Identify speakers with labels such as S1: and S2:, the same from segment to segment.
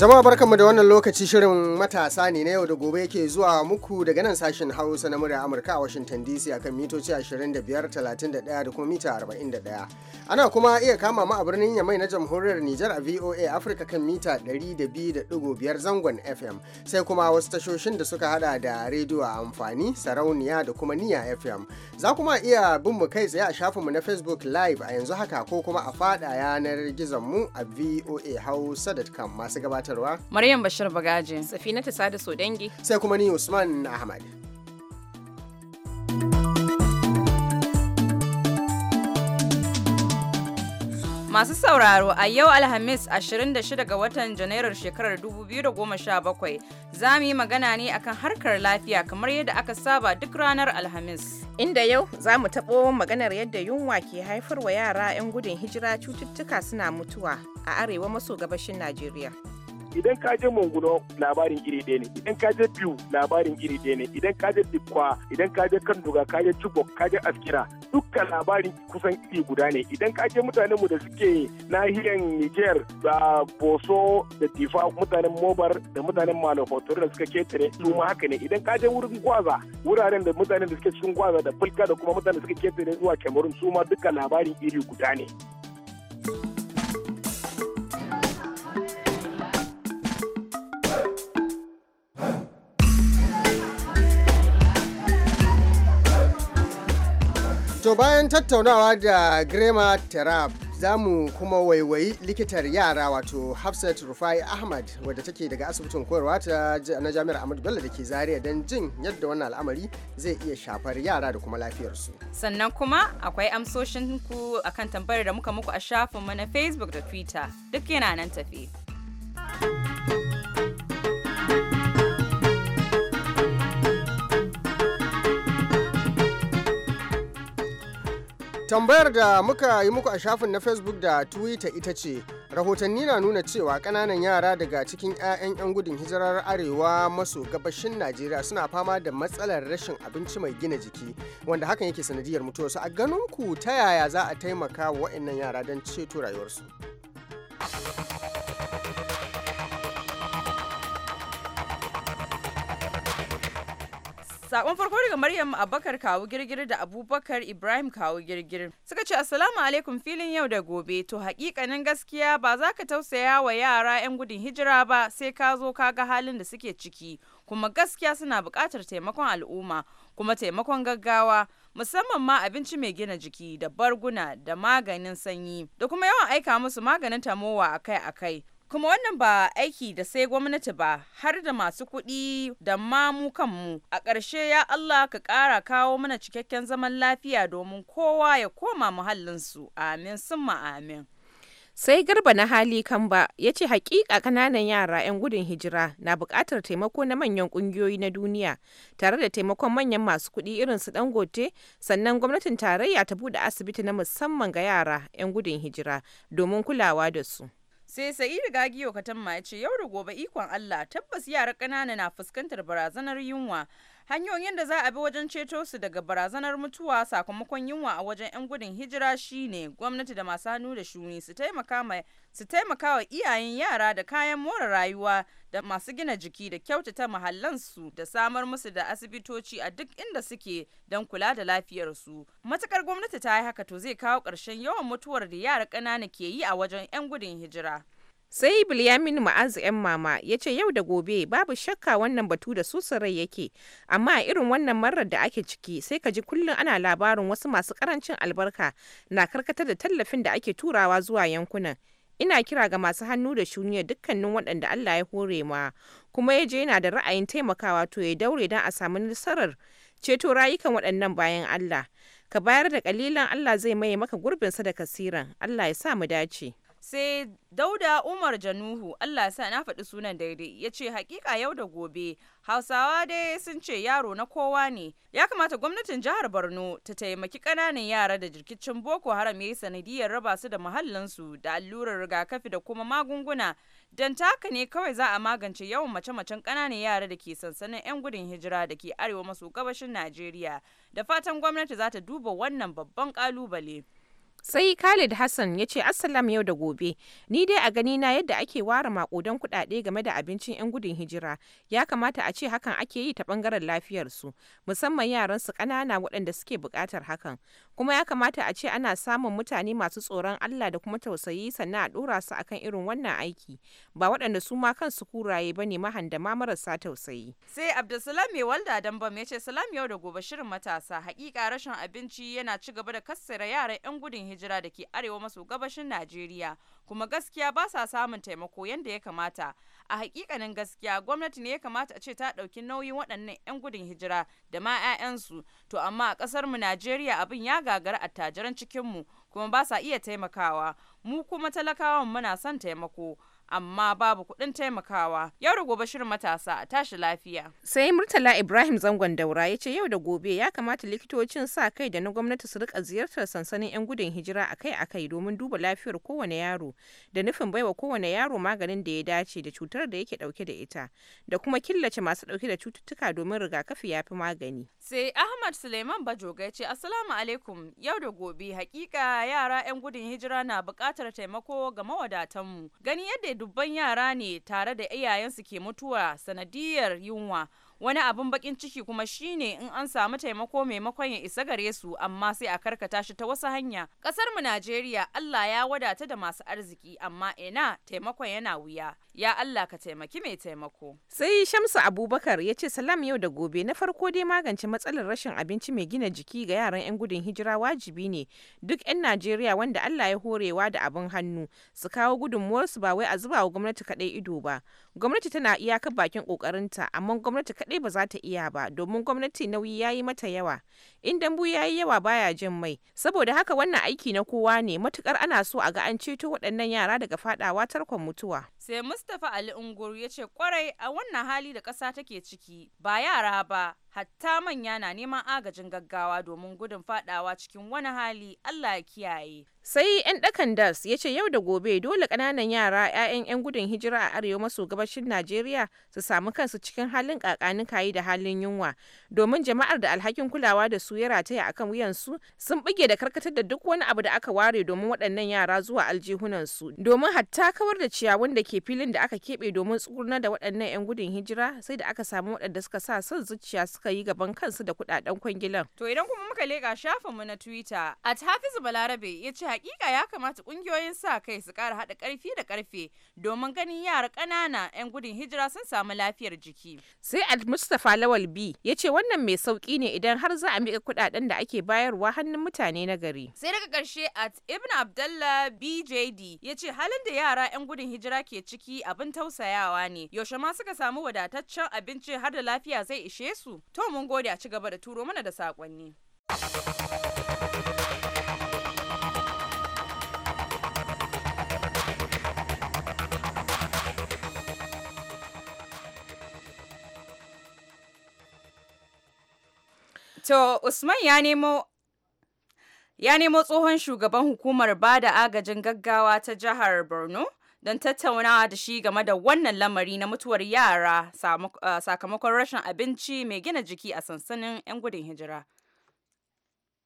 S1: Jama'a barkanmu da wannan lokaci shirin matasa ne na yau da gobe yake zuwa muku daga nan sashen Hausa na murya Amurka a Washington DC akan mitoci 25, 31 da kuma mita 41. Ana kuma iya kama mu a birnin Yamai na Jamhuriyar Nijar a VOA Africa kan mita 102.5 zangon FM sai kuma wasu tashoshin da suka hada da rediyo amfani, sarauniya da kuma niya FM. Za kuma iya bin mu kai tsaye a shafin mu na Facebook Live a yanzu haka ko kuma a fada yanar gizon mu a voahausa.com masu
S2: gabatar gabatarwa Maryam Bashir Bagaje ta Sada dangi. sai kuma ni Usman Ahmad Masu sauraro a yau Alhamis 26 ga watan Janairar shekarar 2017 za mu yi magana ne akan harkar lafiya kamar yadda aka saba duk ranar Alhamis.
S3: Inda yau za mu taɓo maganar yadda yunwa ke haifar wa yara 'yan gudun hijira cututtuka suna mutuwa a arewa maso gabashin Najeriya.
S4: idan ka je manguno labarin iri ɗaya ne idan ka je biyu labarin iri ɗaya ne idan ka je dikwa idan ka je kanduga ka je chibok ka je askira dukkan labarin kusan iri guda ne idan ka je mutanen mu da suke nahiyar niger da boso da tifa mutanen mobar da mutanen malakotor da suka ketare su ma haka ne idan ka je wurin gwaza wuraren da mutanen da suke cikin gwaza da fulka da kuma mutanen da suka ketare zuwa cameroon su ma dukkan labarin iri guda ne
S1: To bayan tattaunawa da Grema Terab za mu kuma waiwayi likitar yara wato Hafsat Rufai Ahmad wadda take daga asibitin koyarwa ta na Jami'ar Ahmadu Bello da ke Zaria don jin yadda wannan al'amari zai iya shafar yara da kuma lafiyarsu.
S2: Sannan kuma akwai amsoshin ku akan tambayar da muka muku a shafinmu na Facebook da Twitter duk yana nan tafi.
S1: tambayar da muka yi muku a shafin na facebook da twitter ita ce rahotanni na nuna cewa kananan yara daga cikin 'ya'yan 'yan gudun hijirar arewa maso gabashin najeriya suna fama da matsalar rashin abinci mai gina jiki wanda hakan yake sanadiyar mutuwarsu a ganin ku ta yaya za a taimaka wa yara don ceto rayuwarsu
S2: Sakon farko daga Maryam Abubakar kawo girgir da Abubakar Ibrahim kawo girgir. Suka ce Assalamu alaikum filin yau da gobe to hakikanin gaskiya ba za ka tausaya wa yara 'yan gudun hijira ba sai ka zo ka ga halin da suke ciki kuma gaskiya suna buƙatar taimakon al'umma kuma taimakon gaggawa musamman ma abinci mai gina jiki da barguna da maganin sanyi da kuma yawan aika musu maganin tamowa akai-akai kuma wannan ba aiki da sai gwamnati ba har da masu kuɗi da mamu kanmu a ƙarshe ya Allah ka ƙara kawo mana cikakken zaman lafiya domin kowa ya koma muhallinsu amin sun amin
S3: sai garba na hali kamba ya ce hakika kananan yara 'yan gudun hijira na bukatar taimako na manyan ƙungiyoyi na duniya tare da taimakon manyan masu kuɗi irin su dangote sannan gwamnatin tarayya ta bude asibiti na musamman ga yara 'yan gudun hijira domin kulawa da su
S2: sai sa'idu gagiyo katamma ya ce yau da gobe ikon allah tabbas yara ƙanana na fuskantar barazanar yunwa hanyoyin da za a bi wajen ceto su daga barazanar mutuwa sakamakon yunwa a wajen 'yan gudun hijira shine gwamnati da masu hannu da shuni su taimaka wa iyayen yara da kayan more rayuwa da masu gina jiki da kyautata mahallansu da samar musu da asibitoci a duk inda suke don kula da lafiyarsu matukar gwamnati ta yi haka to zai kawo ƙarshen yawan mutuwar da yara ƙanana ke yi a wajen 'yan gudun hijira
S3: Sai Bilyamin Ma'az ‘yan mama ya ce yau da gobe babu shakka wannan batu da susurai yake, amma a irin wannan marar da ake ciki sai ka ji kullum ana labarin wasu masu karancin albarka na karkatar da tallafin da ake turawa zuwa yankunan. Ina kira ga masu hannu da shuniya dukkanin waɗanda Allah ya hore ma, kuma ya je yana da ra'ayin taimakawa to ya daure don a samu nasarar ceto rayukan waɗannan bayan Allah. Ka bayar da kalilan Allah zai maye maka gurbinsa da kasiran, Allah ya sa mu dace.
S2: sai dauda umar januhu allah sa na faɗi sunan daidai ya ce hakika yau da gobe hausawa dai sun ce yaro na kowa ne ya kamata gwamnatin jihar borno ta taimaki ƙananan yara da jirkicin boko haram ya yi sanadiyar raba su da muhallinsu da allurar rigakafi da kuma magunguna don taka ne kawai za a magance yawan mace-macen ƙananan yara da ke sansanin 'yan gudun hijira da ke arewa maso gabashin najeriya da fatan gwamnati za ta duba wannan babban ƙalubale.
S3: sai khalid hassan ya ce assalam yau da gobe ni dai a gani na yadda ake ware makudan kudade game da abincin 'yan gudun hijira ya kamata a ce hakan ake yi ta bangaren lafiyar su musamman yaran su kanana waɗanda suke buƙatar hakan kuma ya kamata a ce ana samun mutane masu tsoron allah da kuma tausayi sannan a ɗora su akan irin wannan aiki ba waɗanda su ma kansu kuraye ba ne mahanda ma marasa tausayi
S2: sai abdulsalam mai walda dambam ya ce salam yau da gobe shirin matasa hakika rashin abinci yana ci gaba da kassara yaran 'yan gudun hijira da ke arewa maso gabashin Najeriya kuma gaskiya ba sa samun taimako yadda ya kamata. A hakikanin gaskiya gwamnati ne ya kamata a ce ta ɗauki nauyin waɗannan 'yan gudun hijira da ma 'ya'yansu to amma a ƙasar mu Najeriya abin ya gagara attajiran cikinmu kuma ba sa iya taimakawa mu kuma talakawan muna son taimako. amma babu kuɗin taimakawa. Yau da gobe shirin matasa a tashi lafiya.
S3: Sai Murtala Ibrahim Zangon Daura ya ce yau da gobe ya kamata likitocin sa kai da na gwamnati su rika ziyartar sansanin 'yan gudun hijira akai-akai domin duba lafiyar kowane yaro da nufin baiwa kowane yaro maganin da ya dace da cutar da yake dauke da ita da kuma killace masu dauke da cututtuka domin rigakafi ya fi magani.
S2: Sai Ahmad Suleiman Bajoga ya ce Assalamu alaikum yau da gobe hakika yara 'yan gudun hijira na bukatar taimako ga mawadatanmu. Gani yadda dubban yara ne tare da iyayensu ke mutuwa sanadiyar yunwa wani abin bakin ciki kuma shine in an samu taimako maimakon ya isa gare su amma sai a karkata shi ta wasu hanya kasar mu Najeriya Allah ya wadata da masu arziki amma ina taimakon yana wuya ya Allah ka taimaki mai taimako
S3: sai Shamsu Abubakar ya ce salam yau da gobe na farko dai magance matsalar rashin abinci mai gina jiki ga yaran 'yan gudun hijira wajibi ne duk 'yan Najeriya wanda Allah ya horewa da abin hannu su kawo gudunmuwar su ba wai a zuba wa gwamnati kadai ido ba gwamnati tana iyakar bakin kokarinta amma gwamnati kadai ba za ta iya ba domin gwamnati nauyi ya yi mata yawa in dambu ya yi yawa baya jin mai saboda haka wannan aiki na kowa ne matukar ana so a ga an ceto waɗannan yara daga fadawa tarkon mutuwa
S2: sai mustapha ali ungur ya ce kwarai a wannan hali da ƙasa take ciki ba yara ba hatta manya na neman agajin gaggawa domin gudun fadawa cikin wani hali allah ya kiyaye
S3: sai yan dakan das ya ce yau da gobe dole ƙananan yara 'ya'yan 'yan gudun hijira a arewa maso gabashin najeriya su samu kansu cikin halin kakanin kayi da halin yunwa domin jama'ar da alhakin kulawa da su ya rataya akan wuyansu sun bige da karkatar da duk wani abu da aka ware domin waɗannan yara zuwa aljihunansu domin hatta kawar da ciyawun da ke filin da aka keɓe domin tsurna da waɗannan 'yan gudun hijira sai da aka samu waɗanda suka sa son zuciya suka yi gaban kansu da kuɗaɗen kwangilan.
S2: To idan kuma muka leƙa mu na Twitter, at Hafizu Balarabe ya ce hakika ya kamata ƙungiyoyin sa kai su ƙara haɗa ƙarfi da ƙarfe domin ganin yara ƙanana 'yan gudun hijira sun samu lafiyar jiki.
S3: Sai at Mustapha Lawal B ya ce wannan mai sauƙi ne idan har za a miƙa kuɗaɗen da ake bayarwa hannun mutane na gari.
S2: Sai daga ƙarshe at Ibn Abdallah BJD ya ce halin da yara 'yan gudun hijira ke ciki abin tausayawa ne yaushe ma suka samu wadataccen abinci har da lafiya zai ishe su to mun gode a ci gaba da turo mana da saƙonni. To Usman ya nemo ya nemo tsohon shugaban hukumar bada agajin gaggawa ta jihar Borno don tattaunawa da shi game da wannan lamari na mutuwar yara ah, sakamakon rashin abinci mai gina jiki a sansanin 'yan gudun hijira.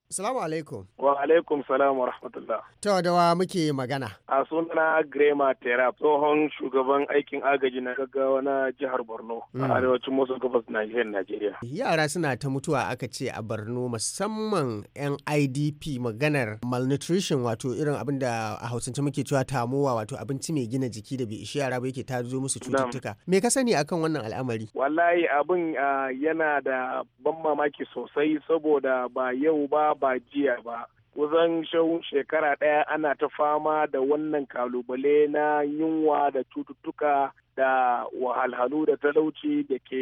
S4: Salamu alaikum. Wa alaikum salam wa rahmatullah. Ta
S1: dawa muke magana.
S4: A sunana Grema Tera tsohon shugaban aikin agaji na gaggawa na jihar Borno a hmm. arewacin maso gabas Najeriya Najeriya. Yara
S1: suna ta mutuwa aka ce a Borno musamman yan IDP maganar malnutrition wato irin abin da a Hausance muke cewa tamowa wato abinci mai gina jiki da bai ishi yara ba yake ta zo musu cututtuka. Me ka sani akan wannan al'amari?
S4: Wallahi abin yana da ban mamaki sosai saboda ba yau ba ba jiya ba kusan shawun shekara ɗaya ana ta fama da wannan kalubale na yunwa da cututtuka da wahalhalu da talauci da ke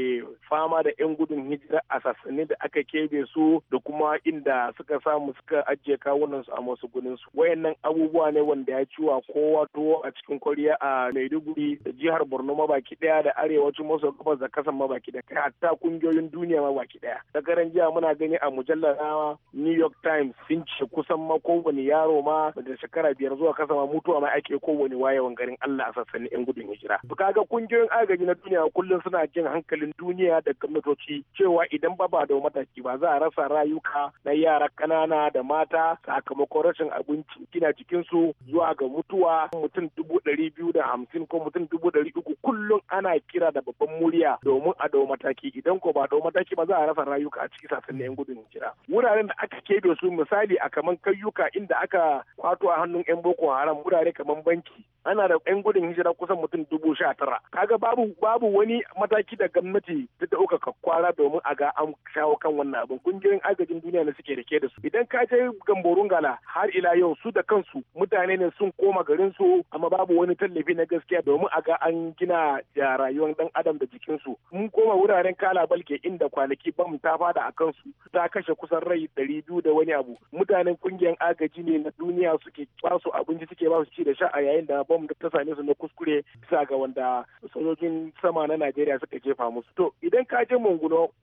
S4: fama da 'yan gudun hijira a sassanin da aka kebe su da kuma inda suka samu suka ajiye kawunansu a masu su wayannan abubuwa ne wanda ya ciwa kowa tuwo a cikin koriya a maiduguri da jihar borno mabaki daya da arewacin maso gabas da kasan mabaki daya kai hatta kungiyoyin duniya mabaki daya da jiya muna gani a mujallar new york times sun ce kusan ma kowane yaro ma da shekara biyar zuwa kasa ma mutuwa ma ake kowane wayewan garin allah a sassanin 'yan gudun hijira haka kungiyoyin agaji na duniya kullum suna jin hankalin duniya da gwamnatoci cewa idan ba ba da mataki ba za a rasa rayuka na yara ƙanana da mata sakamakon rashin abinci gina jikinsu zuwa ga mutuwa mutum dubu ɗari biyu da hamsin ko mutum dubu ɗari uku kullum ana kira da babban murya domin a dau mataki idan ko ba dau mataki ba za a rasa rayuka a cikin sasannin yan gudun hijira wuraren da aka kebe su misali a kaman kayyuka inda aka kwato a hannun yan boko haram wurare kaman banki ana da yan gudun hijira kusan mutum dubu sha al'amura kaga babu babu wani mataki da gwamnati ta dauka kwara domin a ga an shawo kan wannan abin kungiyoyin agajin duniya ne suke rike da su idan ka je gamborun gala har ila yau su da kansu mutane ne sun koma garin su amma babu wani tallafi na gaskiya domin a ga an gina rayuwar dan adam da jikin su mun koma wuraren kala balke inda kwanaki bam ta fada a kansu ta kashe kusan rai ɗari biyu da wani abu mutanen kungiyar agaji ne na duniya suke basu abinci suke basu ci da sha a yayin da bam ta same su na kuskure bisa ga wanda sojojin sama na Najeriya suka jefa musu. To idan ka je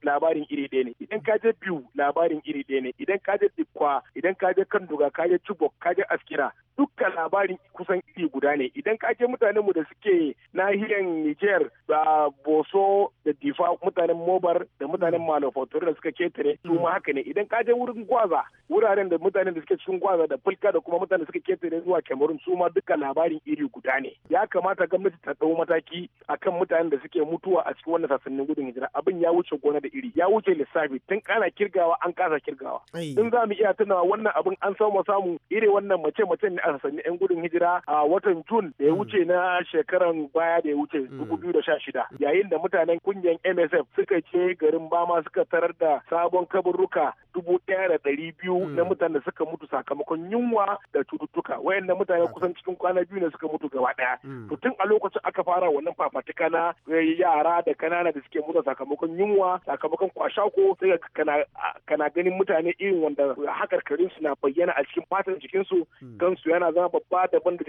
S4: labarin iri ɗaya ne, idan ka je Biu labarin iri ɗaya ne, idan ka je Dikwa, idan ka je Kanduga, ka je Chibok, ka je Askira, dukka labarin kusan iri guda ne. Idan ka je mutanen da suke nahiyar Niger da Boso da difa mutanen mobar da mutanen mm. malofotori da suka ketare su ma mm. haka ne idan ka wurin gwaza wuraren da mutanen da suke cikin gwaza da fulka da kuma mutanen da suka ketare zuwa cameroon su ma duka labarin iri guda ne ya kamata gwamnati ta dau mataki akan mutanen da suke mutuwa a cikin wannan sassanin gudun hijira abin ya wuce gona da iri ya wuce lissafi tun kana kirgawa an kasa kirgawa in za mu iya tunawa wannan abin an samu samu iri wannan mace mace ne a sassanin yan gudun hijira a watan jun da ya mm. wuce na shekaran baya da ya wuce shida yayin da mutanen kun kungiyar MSF suka ce garin Bama suka tarar da sabon kaburruka dubu ɗaya da ɗari biyu hmm. na mutane da suka mutu sakamakon yunwa da cututtuka wayanda mutane kusan cikin kwana biyu ne suka mutu gaba ɗaya. Hmm. To tun a lokacin aka fara wannan fafatuka na eh, yara da kanana da suke mutu sakamakon yunwa sakamakon kwashako sai kana ganin mutane irin wanda hakar karin su na bayyana a cikin fatan jikinsu hmm. kansu yana zama babba daban da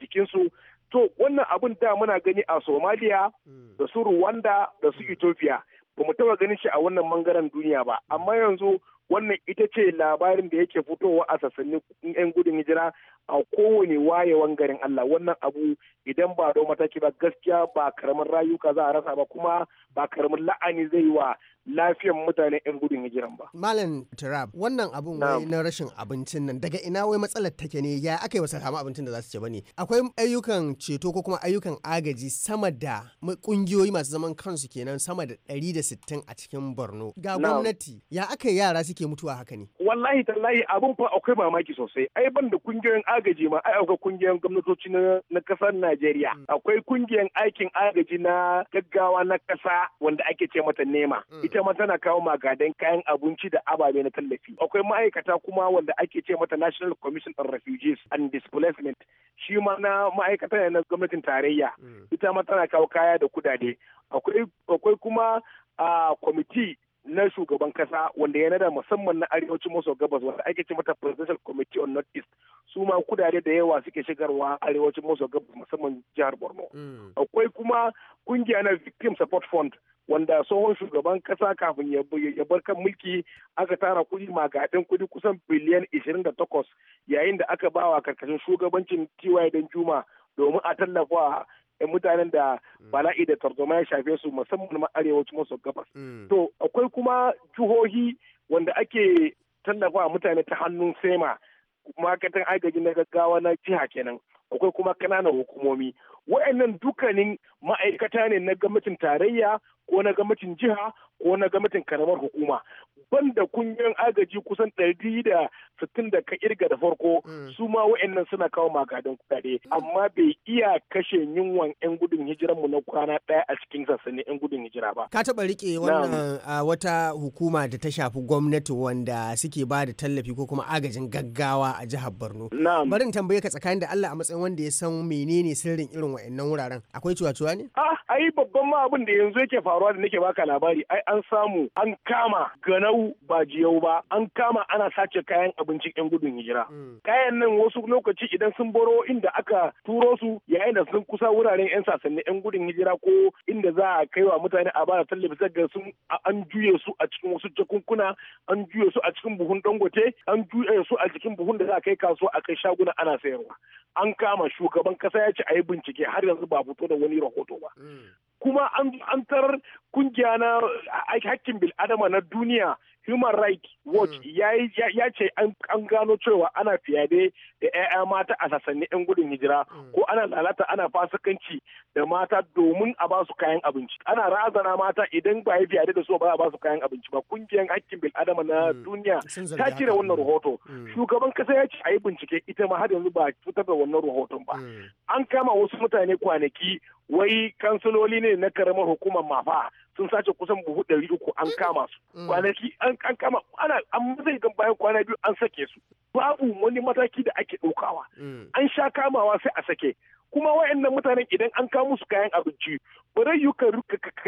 S4: jikinsu to wannan abin da muna gani a somaliya hmm. da su rwanda da su hmm. ethiopia ba mu taba ganin shi a wannan bangaren duniya ba amma yanzu wannan ita ce labarin da yake fitowa a sassanin 'yan gudun hijira a kowane wayewan garin Allah wannan abu idan ba da mataki ba gaskiya ba karamin rayuka za a rasa ba kuma ba karamin la'ani zai wa lafiyan mutane 'yan gudun hijiran ba.
S1: Malam Turab, wannan abun wai na rashin abincin nan daga ina wai matsalar take ne ya aka yi wasa samu abincin da za su ce bane. Akwai ayyukan ceto ko kuma ayyukan agaji sama da kungiyoyi masu zaman kansu kenan sama da da sittin a cikin Borno. Ga gwamnati ya aka yara suke mutuwa haka ne
S4: wallahi tallahi abin fa akwai mamaki sosai ai ban da kungiyoyin agaji ma ai akwai kungiyoyin gwamnatoci na na kasar Najeriya mm. akwai kungiyan aikin agaji na gaggawa na kasa wanda ake ce mata nema mm. ita ma tana kawo magadan kayan abinci da ababe na tallafi akwai ma'aikata kuma wanda ake ce mata National Commission on Refugees and Displacement shi ma na ma'aikata ne na gwamnatin tarayya mm. ita ma tana kawo kaya da kudade akwai kuma a ah, kwamiti na shugaban kasa wanda ya nada musamman na arewacin maso gabas wanda ake ce mata presidential committee on north east su ma kudade da yawa suke shigarwa arewacin maso gabas musamman jihar borno hmm. akwai kuma kungiya na victim support fund wanda tsohon shugaban kasa kafin ya bar kan mulki aka tara kuɗi magadin kuɗi kusan biliyan 28 yayin da aka bawa karkashin shugabancin tiwa don juma domin a tallafa mutanen da mm. bala'i da tarzoma ya shafe su musamman ma arewacin maso gabas mm. to akwai kuma jihohi wanda ake tallafa mutane ta hannun sema katan agaji na gaggawa na jiha kenan akwai kuma kananan hukumomi wa'annan dukkanin ma'aikata ne na gwamnatin tarayya ko na gwamnatin jiha ko na gwamnatin karamar hukuma banda kunyan agaji kusan ɗari da sittin da ka irga da farko mm. su ma wa'annan suna kawo magadan kuɗaɗe amma bai iya kashe yunwan 'yan gudun hijiran mu na kwana ɗaya a cikin sassanin 'yan gudun hijira ba.
S1: Ka taɓa riƙe wannan wata hukuma da ta shafi gwamnati wanda suke ba da tallafi ko kuma agajin gaggawa a jihar Borno. Barin tambaye ka tsakanin da Allah a matsayin wanda ya san menene sirrin irin wa'annan wuraren akwai cuwa-cuwa ne?
S4: Ah, ai babban ma abin da yanzu yake faruwa da nake baka labari ai an samu an kama ganau ba jiyau ba an kama ana sace kayan abinci yan gudun hijira kayan nan wasu lokaci idan sun baro inda aka turo su yayin da sun kusa wuraren yan sasanni yan gudun hijira ko inda za a kai wa mutane a ba tallafi daga sun an juye su a cikin wasu jakunkuna an juye su a cikin buhun dangote an juye su a cikin buhun da za a kai kasuwa a kai shaguna ana sayarwa an kama shugaban kasa ya ce a yi bincike har yanzu ba fito da wani rahoto ba mm. kuma an tarar kungiya na hakkin bil'adama na duniya human rights watch hmm. ya ce an gano cewa ana fiyade da 'ya'ya mata a sassanin 'yan gudun hijira hmm. ko ana lalata ana fasikanci da mata domin a ba su kayan abinci ana razana mata idan ba ya fiyade da su ba a ba su kayan abinci ba kungiyar hakkin bil'adama na hmm. duniya ta cire wannan rahoto shugaban kasa ya ce a yi bincike ita ma har yanzu ba fitar da wannan rahoton ba an kama wasu mutane kwanaki wai kansiloli ne na karamar hukumar mafa sun sace kusan buhu ɗari uku an kama su mm. kwanaki an kama ana an zai gan bayan kwana biyu an sake su babu wani mataki da ake ɗaukawa mm. an sha kamawa sai a sake kuma wa'annan mutanen idan an kawo su kayan abinci zai yi ka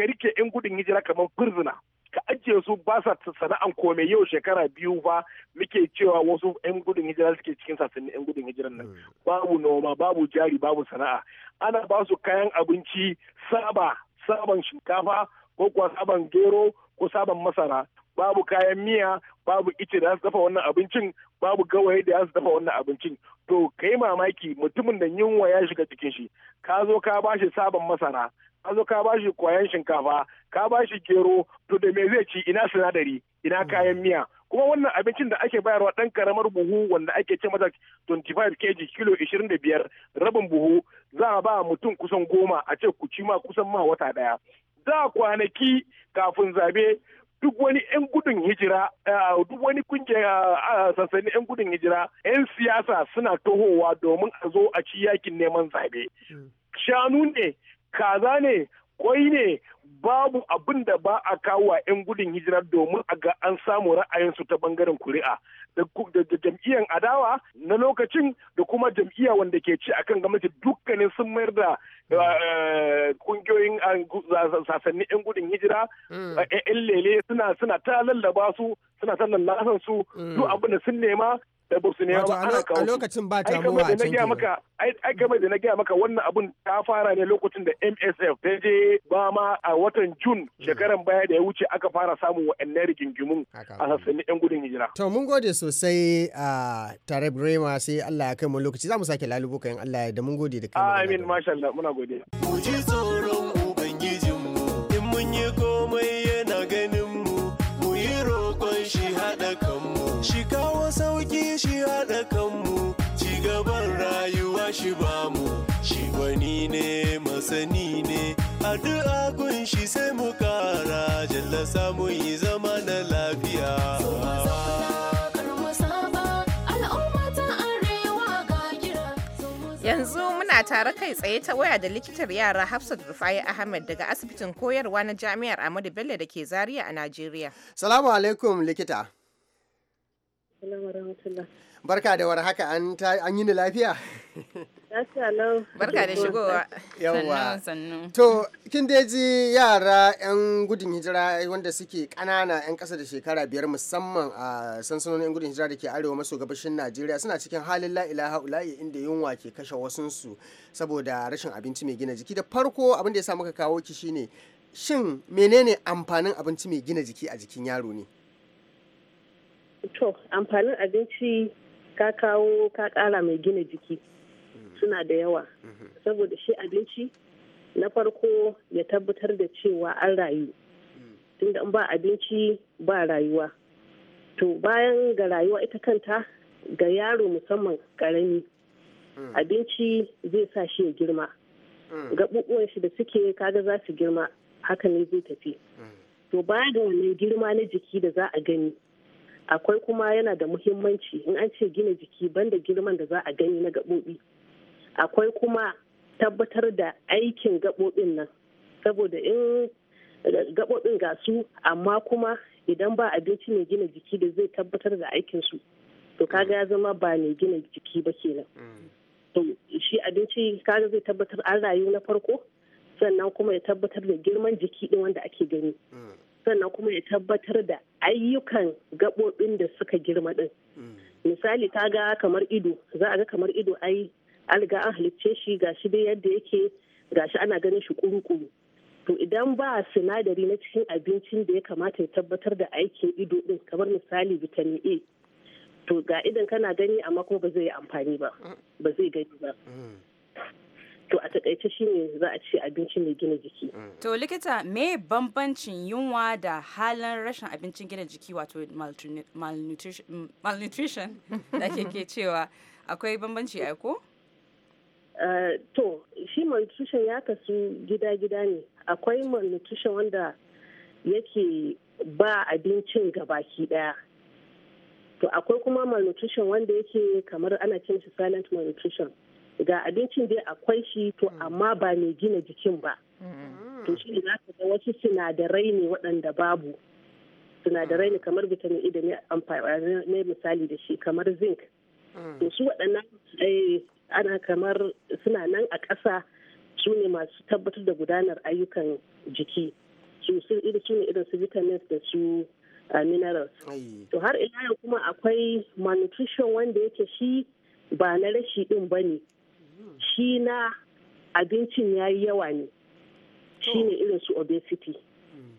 S4: rike yan gudun hijira kamar firzina ka ajiye su ba sa sana'an kome yau shekara biyu ba muke cewa wasu 'yan gudun hijira suke cikin sassanin 'yan gudun hijiran nan mm. babu noma babu jari babu sana'a ana ba su kayan abinci saba saban shinkafa ko kuwa saban gero ko sabon masara babu kayan miya babu ice da su dafa wannan abincin babu gawayi da su dafa wannan abincin to kai mamaki mutumin da yunwa ya shiga cikin shi ka zo ka ba shi sabon masara ka zo ka bashi kwayan shinkafa ka bashi gero to da me zai ci ina sinadari ina mm. kayan miya kuma wannan abincin da ake bayarwa dan karamar buhu wanda ake ce mata 25 kg kilo 25 rabin buhu za a ba mutum kusan goma a ce ku ci ma kusan ma wata ɗaya. da kwanaki kafin zabe duk wani 'yan gudun hijira eh, duk wani kunke eh, sansanin 'yan gudun hijira 'yan siyasa suna tohowa domin a zo a ci yakin neman zabe hmm. shanu ne kaza ne kwai ne babu abin da ba a kawo wa 'yan gudun hijira domin a ga an samu ra'ayinsu ta bangaren kuri'a da jam'iyyar adawa na lokacin da kuma jam'iyya wanda ke ci akan gwamnati dukkanin sun mayar da hmm. eh, ƙungiyoyin eh, sasannin 'yan gudun hijira hmm. eh, 'yan lele suna suna ta lallaba su suna ta lallasan su hmm. duk abin da sun nema da bosniya ba ana kawo a lokacin ba muwa a cikin maka ai mai da na gaya maka wannan abun ta fara ne lokacin da MSF ta je ba ma a watan Jun hmm. shekaran baya da ya wuce aka fara samun wa'annan rigingimun a sassanin yan gudun hijira
S1: to mun gode sosai a tare Brema sai Allah ya kai mu lokaci za mu sake lalubo kayan Allah ya da mun gode da
S4: kai amin masha Allah muna gode mu ji tsoron
S5: ubangijinmu in mun yi komai ya shi haɗa kanmu ci gaban rayuwa shi bamu shi gwani ne masani ne addu'a kun shi sai mu kara jalla samu yi zama na lafiya.
S3: yanzu muna tare kai tsaye ta waya da likitar yara hafsat rufai ahmed daga asibitin koyarwa na jami'ar ahmadu bello da ke zaria a najeriya
S1: salamu alaikum likita Barka da war haka an an yi ni lafiya.
S2: Barka da shigowa. Yawwa.
S1: To kin dai ji yara 'yan gudun hijira wanda suke ƙanana 'yan ƙasa da shekara biyar musamman a sansanonin 'yan gudun hijira da ke arewa maso gabashin Najeriya suna cikin halin la'ilaha haula'i inda yunwa ke kashe wasunsu saboda rashin abinci mai gina jiki da farko abin da ya sa muka kawo ki shine shin menene amfanin abinci mai gina jiki a jikin yaro ne?
S6: to amfanin abinci ka kawo ka kara mai gina jiki suna da yawa saboda shi abinci na farko ya tabbatar da cewa an rayu tunda ba abinci ba rayuwa to bayan ga rayuwa ita kanta ga yaro musamman karami abinci zai sa shi ya girma gaɓuɓuwan shi da suke kaga za su girma haka ne zai tafi to baya da wannan girma na jiki da za a gani akwai kuma yana da muhimmanci in an ce gina jiki banda girman da za a gani na gaɓoɓi akwai kuma tabbatar da aikin gaɓoɓin nan saboda in eh, gaɓoɓin ga su amma kuma idan ba abinci mai gina jiki da zai tabbatar da aikin su to kaga ya zama ba mai gina jiki ba kenan to shi abinci kaga zai tabbatar an rayu na farko sannan kuma ya tabbatar da girman jiki din wanda ake gani sannan kuma ya tabbatar da ayyukan gaɓoɓin da suka girma ɗin mm. misali ta ga kamar ido za a ga kamar ido ai an riga an halicce shi gashi dai yadda yake gashi ana ganin shi kuru-kuru to idan ba sinadari na cikin abincin da ya kamata ya tabbatar da aikin ido ɗin kamar misali vitamin a to ga idan kana gani amma kuma ba zai yi amfani ba mm. ba zai gani ba mm. to a takaice shine za a ci abinci mai gina jiki
S2: to likita me bambancin yunwa da halin rashin abincin gina jiki wato malnutrition da ke cewa akwai bambanci aiko?
S6: Eh, to shi malnutrition ya kasu gida-gida ne akwai malnutrition wanda yake ba abincin gabaki daya to akwai kuma malnutrition wanda yake kamar ana cin silent malnutrition ga abincin dai akwai shi to mm. amma ba mai gina jikin ba
S5: mm. to shi ne za
S6: ga wasu sinadarai ne waɗanda babu sinadarai ne kamar vitamin E da ne amfani misali da shi kamar zinc
S5: mm. to su waɗannan
S6: eh, ana kamar suna nan a ƙasa su ne masu tabbatar da gudanar ayyukan jiki su ne irin su vitamins da su ah, minerals to har ila kuma akwai malnutrition wanda yake shi ba na rashi din ba ne shi na abincin ya yi yawa ne shi ne irin su obesity mm.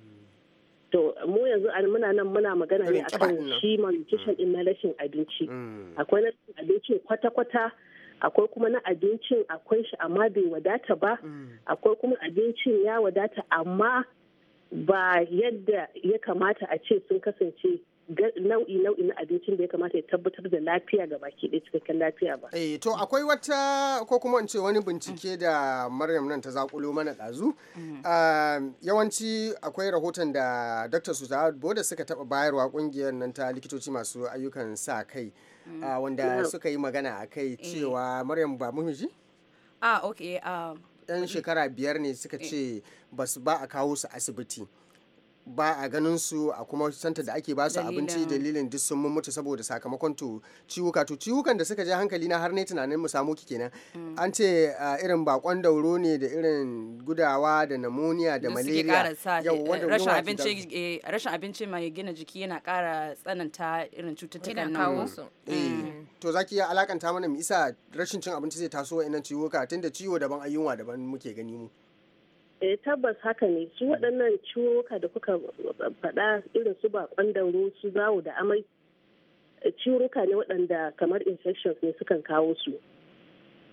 S6: to mu yanzu an muna nan muna magana ne akan shi malnutrition in na rashin abinci mm. akwai na abincin kwata-kwata akwai kuma na abincin akwai shi amma bai wadata ba mm. akwai kuma abincin ya wadata amma ba yadda ya kamata a ce sun kasance
S1: nau'i nau'i na abincin da ya kamata ya tabbatar da lafiya ga baki ɗaya cikakken lafiya ba. Eh to akwai wata ko kuma in ce wani bincike da Maryam nan ta zakulo mana ɗazu. Mm. Ah, yawanci akwai rahoton da Dr. Suzawad Boda suka taɓa bayarwa ƙungiyar nan ta likitoci masu ayyukan sa kai.
S2: Mm. Ah, wanda suka
S1: yi magana a kai eh. cewa Maryam ba muhimmi
S2: Ah, okay. Ah.
S1: Yan shekara biyar ne suka eh. ce ba a kawo su asibiti. ba a ganin su a kuma santa da ake ba su abinci dalilin duk sun mutu saboda sakamakon to ciwuka to ciwukan da suka je hankali na har ne tunanin mu samu ki kenan mm. an ce ah, irin bakon dauro ne da irin gudawa da namoniya da malaria eh,
S2: eh, rashin abinci mai gina jiki yana kara tsananta irin cututtukan nan eh, mm.
S1: to zaki ya alakanta mana mu isa rashin cin abinci zai taso ina ciwuka tunda ciwo daban ayyunwa daban muke gani mu eh tabbas haka ne su mm. waɗannan ciwoka da kuka eh, faɗa irin su bakon ruwa su zawo
S6: da amai eh, ciwuruka ne waɗanda kamar infections ne sukan kawo su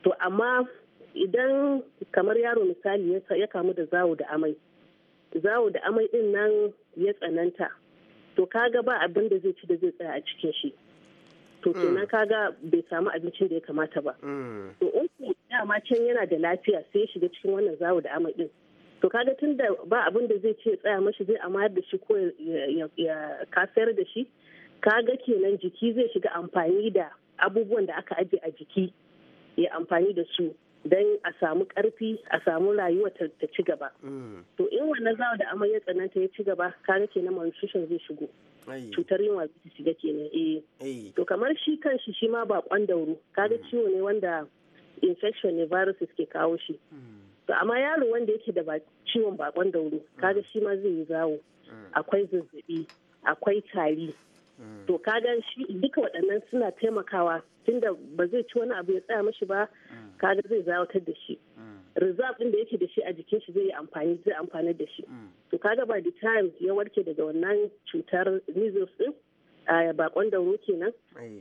S6: to amma idan kamar yaro misali ya kamu da zawo da amai zawo da amai ɗin nan ya tsananta to kaga ba abin da zai ci da zai tsaya a cikin shi to mm. kenan kaga bai samu abincin da ya kamata ba mm. to uku dama can yana da lafiya sai ya shiga cikin wannan zawo da amai din to kaga tun da ba abin da zai ce tsaya mashi zai amayar da shi ko ya kasayar da shi kaga kenan jiki zai shiga amfani da abubuwan da aka ajiye a jiki ya amfani da su don a samu karfi a samu rayuwa ta ci gaba mm. to in wannan zawa da amai ya tsananta ya ci gaba kaga kenan malnutrition zai shigo cutar yunwa zai shiga kenan eh to kamar shi kan shi shi ma bakon dauro kaga mm. ciwo ne wanda infection ne viruses ke kawo shi mm. to amma yaro wanda yake da ciwon bakon dauro kaga shi ma zai yi zawo mm. akwai zazzabi akwai tari mm. to kaga shi duka waɗannan suna taimakawa tunda ba zai ci wani abu ya tsaya mashi ba mm. kaga zai zawatar da shi reserve din da yake da shi a jikin shi zai amfani zai amfani da shi to kaga by the time ya warke daga wannan cutar measles din bakon dauro kenan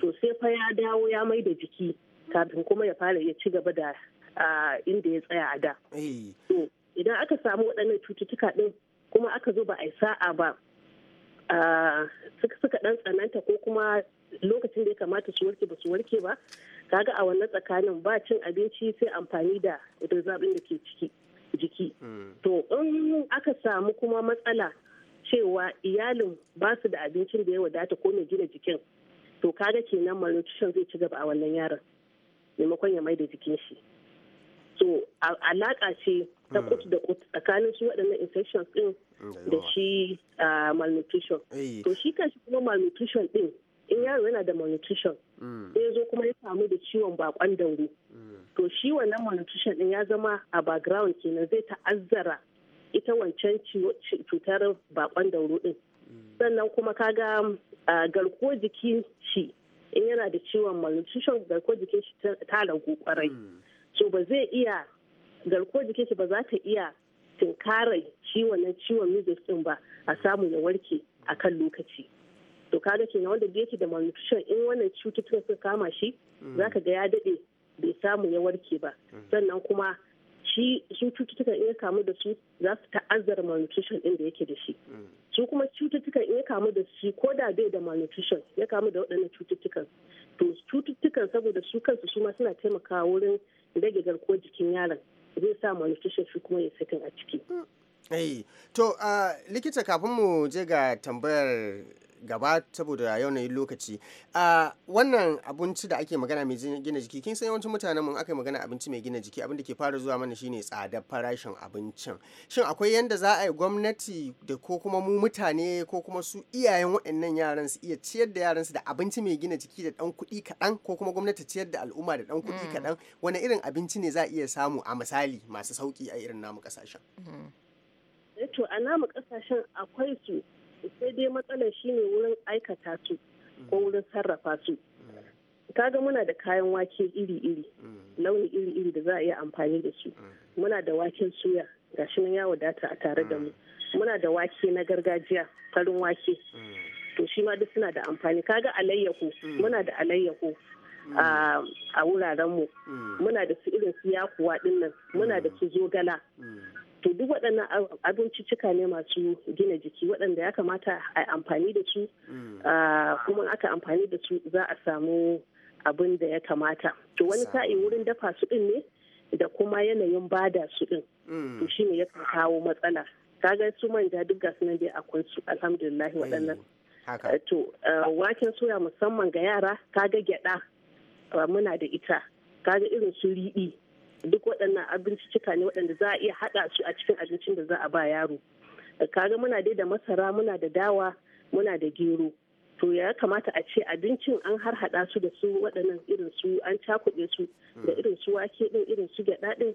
S6: to sai fa ya dawo ya mai da jiki kafin kuma ya fara ya ci gaba da inda ya tsaya a da. Eh. Idan aka samu waɗannan cututtuka ɗin kuma aka zo ba a sa'a ba suka ɗan tsananta ko kuma lokacin da ya kamata su warke ba su warke ba kaga a wannan tsakanin ba cin abinci sai amfani da zaɓin da ke ciki jiki. Hmm. To in aka samu kuma matsala cewa iyalin ba su da abincin da ya wadata ko mai gina jikin to kaga kenan malnutrition zai ci gaba a wannan yaron maimakon ya mai da jikin shi so alaƙa ce ta hmm. kut da kut tsakanin su waɗannan infections ɗin hmm. da shi malnutrition eh. to shi kan kuma malnutrition ɗin in yaro yana da malnutrition hmm. sai ya zo kuma ya samu da ciwon bakon dauro to shi wannan malnutrition ɗin ya zama a background kenan zai ta'azzara ita wancan cutar bakon dauro ɗin sannan kuma kaga garkuwar jikin shi in yana da ciwon malnutrition garkuwar jikin shi ta ragu kwarai so ba zai iya garkuwar jikin shi ba za ta iya tunkarar ciwon na ciwon music din ba a samu ya warke a kan lokaci to kaga kenan wanda da yake da malnutrition in wannan cututtuka suka kama shi mm. za ka ga ya dade bai samu ya warke ba mm. sannan kuma shi cututtuka in ya kamu da su za su ta'azzara malnutrition din da yake da shi mm. su kuma cututtukan in ya kamu da shi ko da bai da malnutrition ya kamu da waɗannan cututtukan to cututtukan saboda su kansu su ma suna taimakawa wurin rage garkuwar jikin yaron zai sa malnutrition shi kuma ya sakin a ciki.
S1: to ah, likita kafin mu je ga tambayar gaba saboda yanayin lokaci a wannan abinci da ake magana mai gina jiki kin san yawancin mutanen mun aka magana abinci mai gina jiki abin da ke fara zuwa mana shine tsadar farashin abincin shin akwai yanda za a yi gwamnati da ko kuma mu mutane ko kuma su iyayen waɗannan yaran su iya ciyar da yaran su da abinci mai gina jiki da dan kuɗi kaɗan ko kuma gwamnati ciyar da al'umma da dan kuɗi mm. kaɗan wani irin abinci ne za a iya samu a misali masu sauki a irin namu ƙasashen.
S6: Mm. Eh to a namu ƙasashen akwai su sai dai matsalar shine wurin aikata su mm. ko wurin sarrafa su mm. kaga muna da kayan wake iri-iri mm. launi iri-iri da za a iya amfani da su muna da waken suya shi nan ya wadata a tare da mu muna da wake na gargajiya farin wake to shi ma duk suna da amfani kaga alayyahu muna da alayyahu a wurarenmu muna da su irin su yakuwa dinnan muna da su zogala to duk waɗannan abinciccika ne masu gina jiki waɗanda ya kamata a amfani da su mm. kuma aka amfani da su za a samu abin da ya kamata to wani sa'i wurin dafa su ɗin ne da kuma yanayin bada su ɗin mm. to ne ya kawo matsala kaga su manja duk su nan dai akwai su alhamdulillah waɗannan eh, to eh, waken soya musamman ga yara kaga gyaɗa eh, muna da ita kaga irin su riɗi duk waɗannan abinciccika ne waɗanda za a iya haɗa su a cikin abincin da za a ba yaro kaga muna dai da masara muna da dawa muna da gero to ya kamata a ce abincin an har hada su da su waɗannan irin su an cakuɗe su da hmm. irin su wake ɗin irin su gyaɗa ɗin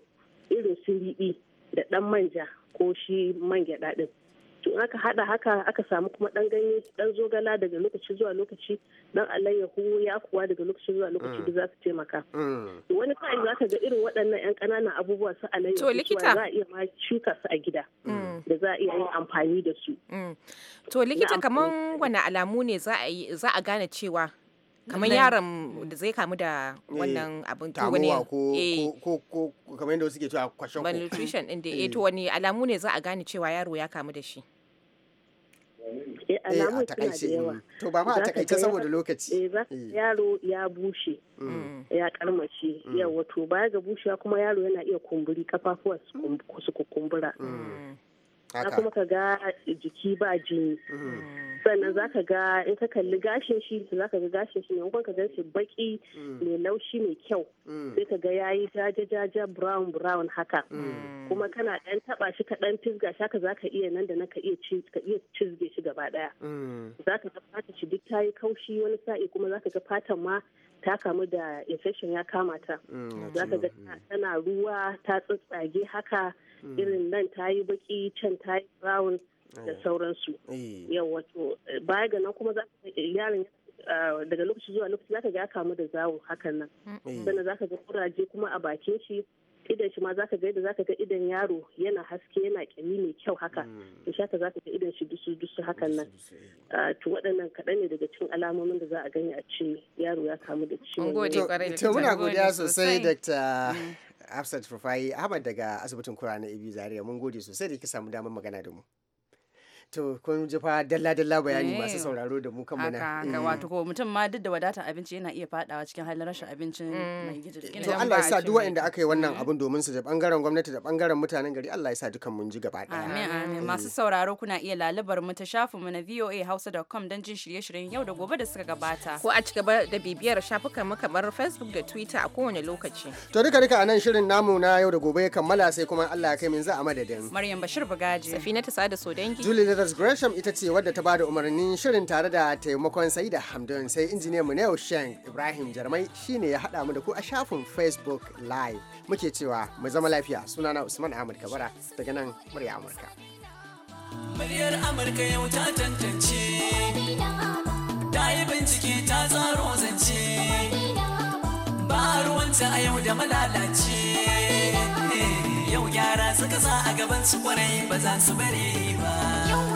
S6: irin su riɗi da ɗan manja ko shi man gyaɗa ɗin to in aka hada haka aka samu kuma dan ganye dan zogala daga lokaci zuwa lokaci dan alayyahu ya kuwa daga lokaci zuwa lokaci da za su taimaka mm. wani kai za ka ga irin waɗannan yan ƙananan abubuwa su alayyahu to za a iya ma shuka su a gida mm. da za a iya yin amfani da su mm.
S3: to likita kaman wani alamu ne za a gane cewa kamar yaron da zai kamu da eh, wannan abin to wani
S1: eh. ko ko kamar yadda suke cewa kwashen ko malnutrition din da eh to eh.
S3: wani alamu ne za a gane cewa yaro ya kamu da shi
S1: eh, eh alamun suna da yawa mm. to ba ma a
S3: takaice saboda
S6: lokaci eh za mm. yaro ya bushe mm. ya karmace yawa to baya ga bushewa kuma yaro yana iya kumburi kafafuwa su kumbura na kuma ka ga jiki ba jini mm-hmm. sannan za ka ga in ka kalli gashin shi za ka ga gashin shi ne ka gan shi baki mm. mai laushi mai kyau mm. sai ka ga yayi jaja jaja brown brown haka mm. kuma kana ɗan taba shi kaɗan fisga shi haka za ka iya nan da nan ka iya cizge shi gaba ɗaya za ka ga fata shi duk tayi kaushi wani sa'i kuma za ka ga fatan ma ta kamu da infection ya kama ta za ka ga tana ruwa ta tsatsage haka Mm. irin nan ta yi baki can ta yi brown da eh. sauransu eh. yau wato eh, baya ga nan kuma za yaron ah, daga lokaci zuwa lokaci zaka ga ya kamu da zawo hakan nan sannan zaka ga kuraje kuma a bakin shi idan shi ma zaka ga yadda ka ga idan yaro yana haske yana kyami mai kyau haka mm. to za zaka ga idan shi dusu dusu hakan nan ah, to waɗannan kaɗan ne daga cikin alamomin da za a gani a ce yaro ya kamu da ciwon yau. sosai
S1: mm. Hafsat Rufai Ahmad daga asibitin kura na Ibi Zaria mun gode sosai da kika samu damar magana da mu. to kun ji fa dalla dalla bayani eh, masu sauraro da mu kan mana haka mm. wato
S2: ko mutum ma duk da wadatar abinci yana iya fadawa cikin halin rashin abincin mm. mai to Allah ya sa
S1: duk wanda aka yi wannan mm. abun domin su da bangaren gwamnati da bangaren mutanen gari Allah ya sa dukan mun ji gaba daya amin amin masu
S2: sauraro kuna iya lalubar mu ta shafin mu na voahausa.com don jin shirye-shiryen yau da gobe da suka gabata ko a ci da bibiyar shafukan mu kamar Facebook da Twitter a kowane lokaci
S1: to duka duka anan shirin namu na yau da gobe ya kammala sai kuma Allah ya kai min za a madadin Maryam Bashir Bugaji Safina sada so Julie Elizabeth Gresham ita ce wadda ta bada umarnin shirin tare da taimakon sai da Hamdun sai injiniyan mu Neo Sheng Ibrahim Jarmai shine ya haɗa mu da ku a shafin Facebook Live. Muke cewa mu zama lafiya sunana Usman Ahmad Kabara daga nan murya Amurka.
S2: Muryar Amurka yau ta tantance. Ta yi bincike ta tsaro zance. Ba ruwanta a yau da malalace. yau gyara suka sa a gaban su kwarai ba za su bari ba.